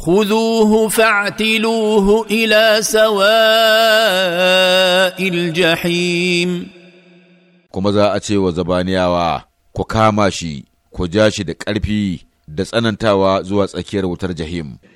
خذوه فاعتلوه ila سواء الجحيم kuma za a ce wa zabaniyawa ku kama shi ku ja shi da ƙarfi da tsanantawa zuwa tsakiyar wutar jahim